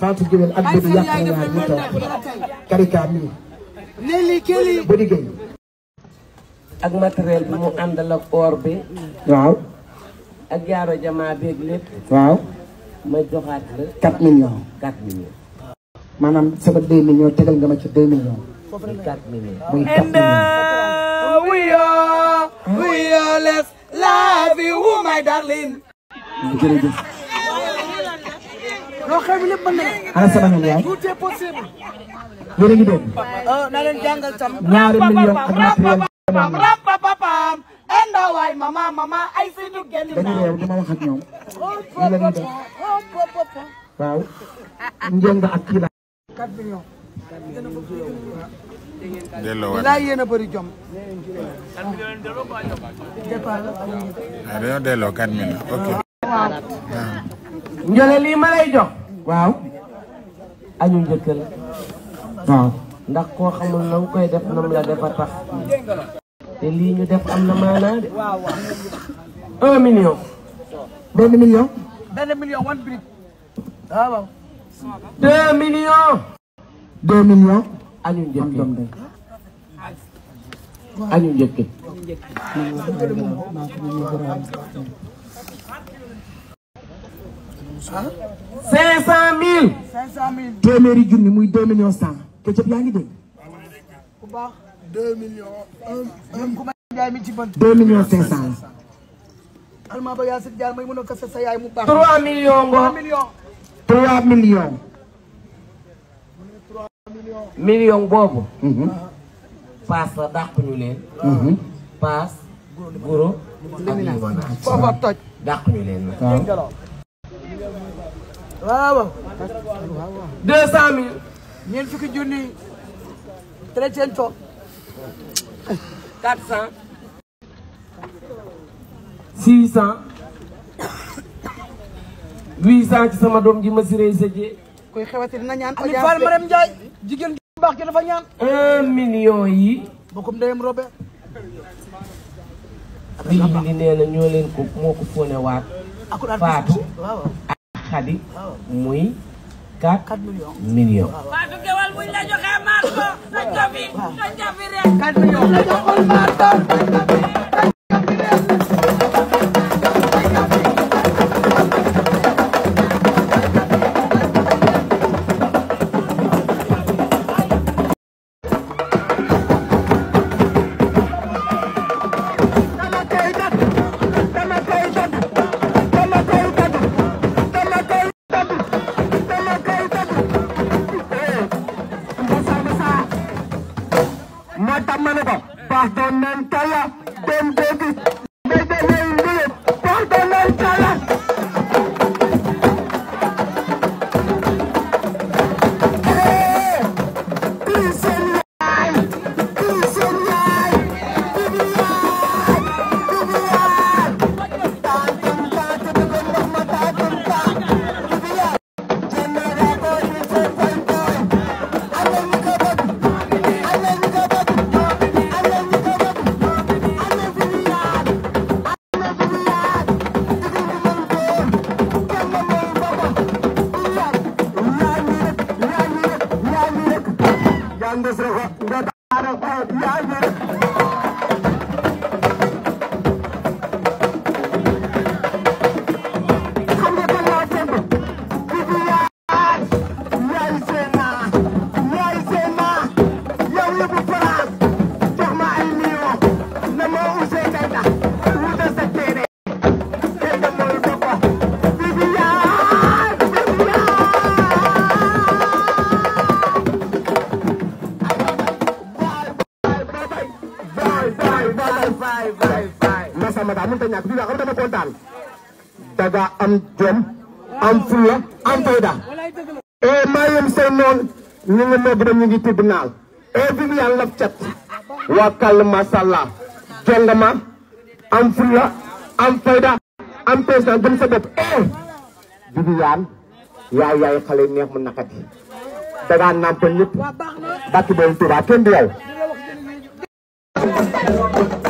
Fatou Gueye ak Bédou ak matériel bi mu àndal ak or bi. waaw. ak jaaro jamaa beeg lépp. waaw. ma joxaat la. 4 millions. sama 2 millions tegal nga ma ci 2 millions. muy 4 loo xew mi lépp mën nañ ana sama milliard tout est possible yéen a ngi dégg na leen jàngal tam mama mama ay sidu genn dañu réew dama wax ak Jangan ñu la ñu def waaw njëng ak kii la 4 millions delloo waat yéen a jox. waaw añu njëkkal ndax koo xamul na koy def nam la defa tax te lii ñu def am na maanaa de un million benn million benn million añu ah, njëkkal cinq cent mille. cinq cent mille. téeméeri muy deux millions cent. Ketchup yaa ngi dégg. deux millions un un. deux millions cinq cent la. almaa ba yaa si jaar may mën a kase sa yaay mu trois millions millions. million boobu. Mhm. paas la dàq ñu leen. Mhm. paas. guro ak lii ba naan. dàq ñu leen. waaw waaw. deux ñeent fukki junni. treize cent. quatre cent. six cent. huit sama doom ji ma si rey sëjee. koy xewati dina ñaan ko jaase Aliou Fall Ndiaye. jigéen gi baax ci dafa ñaan. un million yi. bokkum ndeyam Robert. lii li nee na ñoo leen ko moo ko fóone waat. faatu xadi muy 4 millions Fatou Guewel buñ la joxee maat ko dañ ko fi dañ ko fi rek 4 millions la joxoon maat ko ma tàmmale ko baax doon naan tala dem dégg fay fay fay masamba da mun dama daga am jom am fulla am fayda E my say non ñi nga nob dem ñi ngi tribunal eh vivian laf chat wa kal masalla jongama am fulla am fayda am président gëm sa bop eh vivian yaay yaay xalé neex mu nakati daga nampal ñepp bakki bo tuba kenn di Thank you.